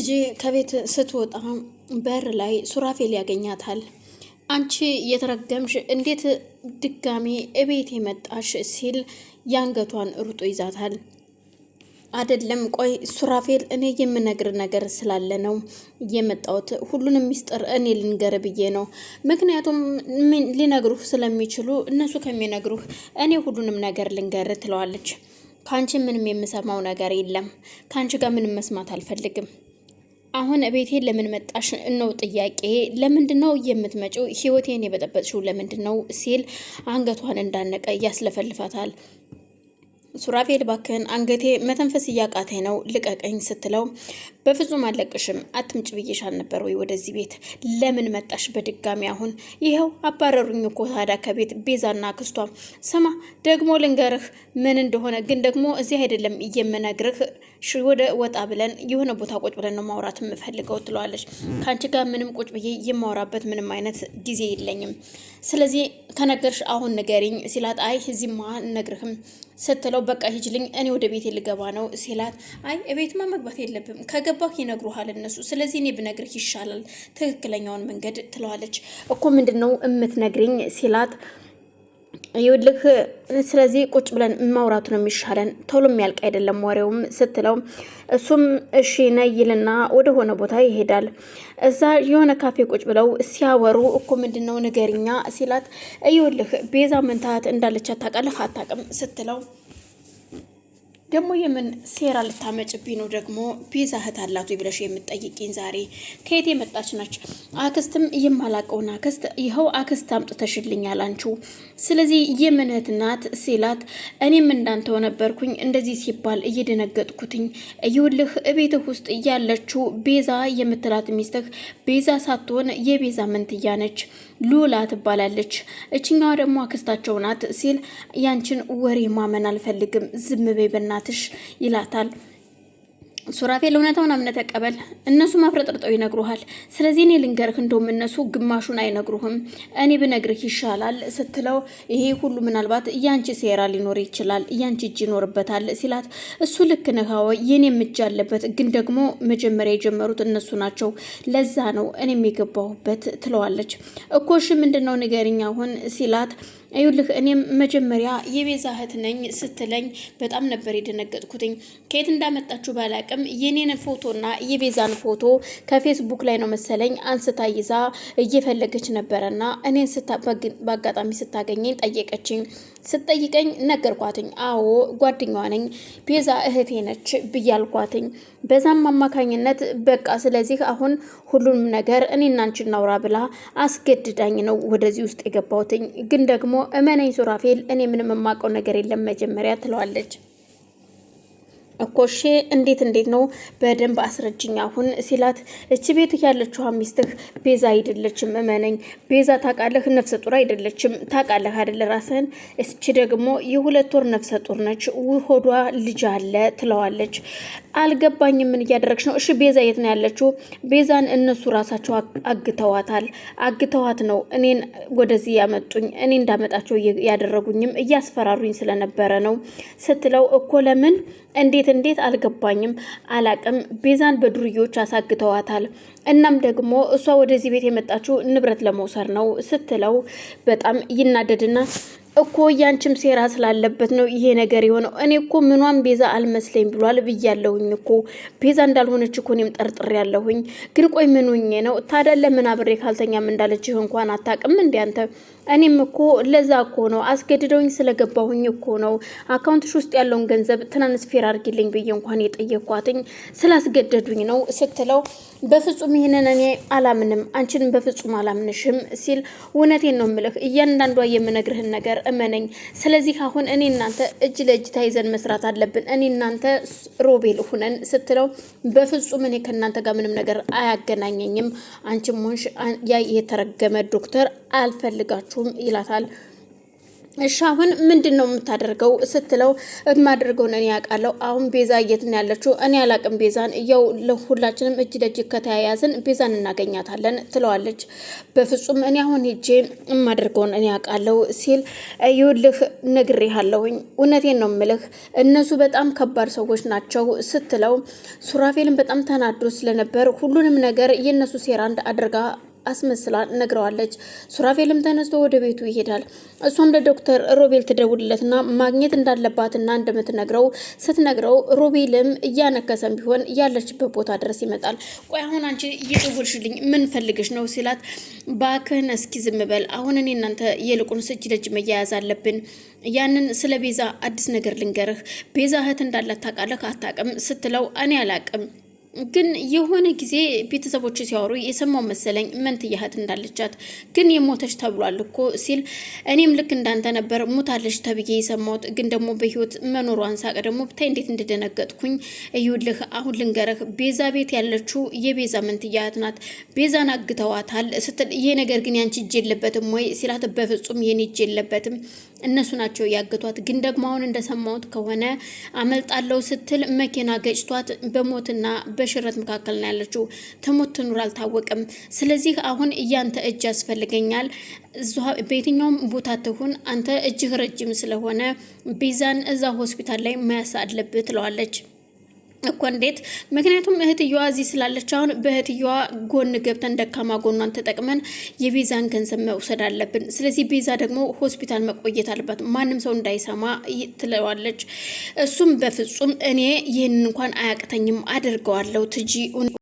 ትጂ ከቤት ስትወጣ በር ላይ ሱራፌል ያገኛታል። አንቺ የተረገምሽ እንዴት ድጋሚ እቤት የመጣሽ ሲል የአንገቷን ሩጦ ይዛታል። አይደለም ቆይ ሱራፌል፣ እኔ የምነግር ነገር ስላለ ነው የመጣሁት። ሁሉንም ሚስጥር እኔ ልንገር ብዬ ነው። ምክንያቱም ሊነግሩህ ስለሚችሉ እነሱ ከሚነግሩህ እኔ ሁሉንም ነገር ልንገር ትለዋለች። ከአንቺ ምንም የምሰማው ነገር የለም። ከአንቺ ጋር ምንም መስማት አልፈልግም አሁን ቤቴን ለምን መጣሽ ነው ጥያቄ። ለምንድን ነው የምትመጪው? ህይወቴን የበጠበጥሽው ለምንድን ነው ሲል አንገቷን እንዳነቀ ያስለፈልፋታል። ሱራፌል ባክን አንገቴ መተንፈስ እያቃቴ ነው ልቀቀኝ ስትለው በፍጹም አለቅሽም። አትምጭ ብዬሻል አልነበር ወይ ወደዚህ ቤት? ለምን መጣሽ በድጋሚ አሁን? ይኸው አባረሩኝ እኮ ታዲያ ከቤት ቤዛና ክስቷም። ስማ ደግሞ ልንገርህ ምን እንደሆነ ግን ደግሞ እዚህ አይደለም እየምነግርህ፣ ወደ ወጣ ብለን የሆነ ቦታ ቁጭ ብለን ነው ማውራት የምፈልገው ትለዋለች። ከአንቺ ጋር ምንም ቁጭ ብዬ የማውራበት ምንም አይነት ጊዜ የለኝም። ስለዚህ ከነገርሽ አሁን ንገሪኝ ሲላት፣ አይ እዚህማ እነግርህም ስትለው፣ በቃ ሂጅልኝ እኔ ወደ ቤቴ ልገባ ነው ሲላት፣ አይ ቤትማ መግባት የለብም ከገ እንደገባህ ይነግሩሃል እነሱ። ስለዚህ እኔ ብነግርህ ይሻላል ትክክለኛውን መንገድ ትለዋለች። እኮ ምንድን ነው እምትነግርኝ ሲላት ይኸውልህ ስለዚህ ቁጭ ብለን ማውራቱ ነው የሚሻለን፣ ቶሎ የሚያልቅ አይደለም ወሬውም ስትለው እሱም እሺ ነይልና ወደ ሆነ ቦታ ይሄዳል። እዛ የሆነ ካፌ ቁጭ ብለው ሲያወሩ እኮ ምንድን ነው ንገሪኛ ሲላት ይውልህ ቤዛ መንታት እንዳለች ታውቃለህ አታውቅም ስትለው ደግሞ የምን ሴራ ልታመጭብኝ ነው? ደግሞ ቤዛ እህት አላት ብለሽ የምትጠይቂኝ ዛሬ ከየት የመጣች ነች? አክስትም የማላቀውን አክስት ይኸው አክስት አምጥተሽልኛል አንቺ። ስለዚህ የምን እህት ናት ሲላት፣ እኔም እንዳንተው ነበርኩኝ እንደዚህ ሲባል እየደነገጥኩትኝ። ይኸውልህ እቤትህ ውስጥ ያለችው ቤዛ የምትላት ሚስትህ ቤዛ ሳትሆን የቤዛ መንትያ ነች፣ ሉላ ትባላለች። እችኛዋ ደግሞ አክስታቸው ናት ሲል ያንቺን ወሬ ማመን አልፈልግም። ዝም በይ እናትሽ ይላታል። ሱራፌል እውነታውን አምነህ ተቀበል። እነሱ ማፍረጥርጠው ይነግሩሃል። ስለዚህ እኔ ልንገርህ፣ እንደውም እነሱ ግማሹን አይነግሩህም፣ እኔ ብነግርህ ይሻላል ስትለው ይሄ ሁሉ ምናልባት እያንቺ ሴራ ሊኖር ይችላል፣ እያንቺ እጅ ይኖርበታል ሲላት እሱ ልክ ነህ፣ አዎ እጅ አለበት፣ ግን ደግሞ መጀመሪያ የጀመሩት እነሱ ናቸው፣ ለዛ ነው እኔም የገባሁበት ትለዋለች። እኮ እሺ ምንድን ነው ንገሪኝ አሁን ሲላት ይኸውልህ እኔም መጀመሪያ የቤዛ እህት ነኝ ስትለኝ በጣም ነበር የደነገጥኩትኝ። ከየት እንዳመጣችሁ ባላቅም የኔን ፎቶና የቤዛን ፎቶ ከፌስቡክ ላይ ነው መሰለኝ አንስታ ይዛ እየፈለገች ነበረና እኔን በአጋጣሚ ስታገኘኝ ጠየቀችኝ። ስትጠይቀኝ ነገርኳትኝ። አዎ ጓደኛዋ ነኝ፣ ቤዛ እህቴ ነች ብያልኳትኝ። በዛም አማካኝነት በቃ ስለዚህ አሁን ሁሉንም ነገር እኔና አንቺ እናውራ ብላ አስገድዳኝ ነው ወደዚህ ውስጥ የገባሁትኝ ግን ደግሞ ደግሞ እመነኝ ሱራፌል፣ እኔ ምንም የማውቀው ነገር የለም መጀመሪያ ትለዋለች። እኮሼ እንዴት እንዴት ነው በደንብ አስረጅኝ አሁን ሲላት፣ እች ቤት ያለችው ሚስትህ ቤዛ አይደለችም፣ እመነኝ። ቤዛ ታውቃለህ፣ ነፍሰ ጡር አይደለችም። ታውቃለህ አይደለ ራስህን። እች ደግሞ የሁለት ወር ነፍሰ ጡር ነች፣ ሆዷ ልጅ አለ ትለዋለች። አልገባኝም፣ ምን እያደረግሽ ነው? እሺ ቤዛ የት ነው ያለችው? ቤዛን እነሱ ራሳቸው አግተዋታል። አግተዋት ነው እኔን ወደዚህ ያመጡኝ፣ እኔ እንዳመጣቸው ያደረጉኝም እያስፈራሩኝ ስለነበረ ነው ስትለው እኮ ለምን እንዴት እንዴት እንዴት አልገባኝም አላቅም። ቤዛን በዱርዮች አሳግተዋታል። እናም ደግሞ እሷ ወደዚህ ቤት የመጣችው ንብረት ለመውሰድ ነው ስትለው በጣም ይናደድና እኮ ያንቺም ሴራ ስላለበት ነው ይሄ ነገር የሆነው። እኔ እኮ ምኗን ቤዛ አልመስለኝ ብሏል ብያለሁኝ እኮ ቤዛ እንዳልሆነች እኮ እኔም ጠርጥር ያለሁኝ። ግን ቆይ ምኑኜ ነው ታዲያ? ለምን አብሬ ካልተኛም እንዳለችህ እንኳን አታውቅም እንዴ አንተ? እኔም እኮ ለዛ እኮ ነው አስገድደውኝ ስለገባሁኝ እኮ ነው አካውንትሽ ውስጥ ያለውን ገንዘብ ትራንስፌር አድርጊልኝ ብዬ እንኳን የጠየኳትኝ ስላስገደዱኝ ነው ስትለው በፍጹም ይህንን እኔ አላምንም፣ አንቺንም በፍጹም አላምንሽም ሲል እውነቴን ነው የምልህ፣ እያንዳንዷ የምነግርህን ነገር እመነኝ። ስለዚህ አሁን እኔ እናንተ እጅ ለእጅ ተይዘን መስራት አለብን፣ እኔ እናንተ ሮቤል ሁነን ስትለው በፍጹም እኔ ከእናንተ ጋር ምንም ነገር አያገናኘኝም፣ አንቺም ሆንሽ ያ የተረገመ ዶክተር አልፈልጋችሁም ይላታል። እሺ ምንድን ነው የምታደርገው? ስትለው የማደርገውን እኔ ያውቃለሁ። አሁን ቤዛ የት ነው ያለችው? እኔ አላቅም። ቤዛን ያው ለሁላችንም እጅ ለእጅ ከተያያዝን ቤዛን እናገኛታለን ትለዋለች። በፍጹም እኔ አሁን ሄጄ የማደርገውን እኔ ያውቃለሁ ሲል ይኸውልህ፣ ነግሬሃለሁኝ፣ እውነቴን ነው የምልህ፣ እነሱ በጣም ከባድ ሰዎች ናቸው ስትለው ሱራፌልን በጣም ተናዶ ስለነበር ሁሉንም ነገር የእነሱ ሴራ አድርጋ አስመስላ ነግረዋለች። ሱራፌልም ተነስቶ ወደ ቤቱ ይሄዳል። እሷም ለዶክተር ሮቤል ትደውልለትና ማግኘት እንዳለባትና እንደምትነግረው ስትነግረው ሮቤልም እያነከሰም ቢሆን ያለችበት ቦታ ድረስ ይመጣል። ቆይ አሁን አንቺ እየደወልሽልኝ ምን ነው ሲላት፣ ባክህን እስኪ ዝም በል አሁን እኔ እናንተ የልቁን እጅ ለጅ መያያዝ አለብን። ያንን ስለ ቤዛ አዲስ ነገር ልንገርህ። ቤዛ እህት እንዳላት ታውቃለህ አታውቅም ስትለው እኔ አላውቅም ግን የሆነ ጊዜ ቤተሰቦች ሲያወሩ የሰማው መሰለኝ ምን እንዳለቻት ግን የሞተች ተብሏል እኮ ሲል እኔም ልክ እንዳንተ ነበር ሞታለች ተብዬ የሰማሁት ግን ደግሞ በህይወት መኖሯን ሳቅ ደግሞ ብታይ እንዴት እንደደነገጥኩኝ እዩልህ አሁን ልንገረህ ቤዛ ቤት ያለችው የቤዛ ምን ትያህት ናት ቤዛን አግተዋታል ስትል ይሄ ነገር ግን ያንቺ እጅ የለበትም ወይ ሲላት በፍጹም ይሄን እጅ የለበትም እነሱ ናቸው ያገቷት። ግን ደግሞ አሁን እንደሰማሁት ከሆነ አመልጣለው ስትል መኪና ገጭቷት በሞትና በሽረት መካከል ነው ያለችው። ተሞት ትኑር አልታወቅም። ስለዚህ አሁን እያንተ እጅ ያስፈልገኛል። በየትኛውም ቦታ ትሁን አንተ እጅህ ረጅም ስለሆነ ቤዛን እዛ ሆስፒታል ላይ መያስ አለብህ ትለዋለች። እኮ እንዴት? ምክንያቱም እህትየዋ እዚህ ስላለች አሁን በእህትየዋ ጎን ገብተን ደካማ ጎኗን ተጠቅመን የቤዛን ገንዘብ መውሰድ አለብን። ስለዚህ ቤዛ ደግሞ ሆስፒታል መቆየት አለባት፣ ማንም ሰው እንዳይሰማ ትለዋለች። እሱም በፍጹም እኔ ይህን እንኳን አያቅተኝም አድርገዋለሁ ትጂ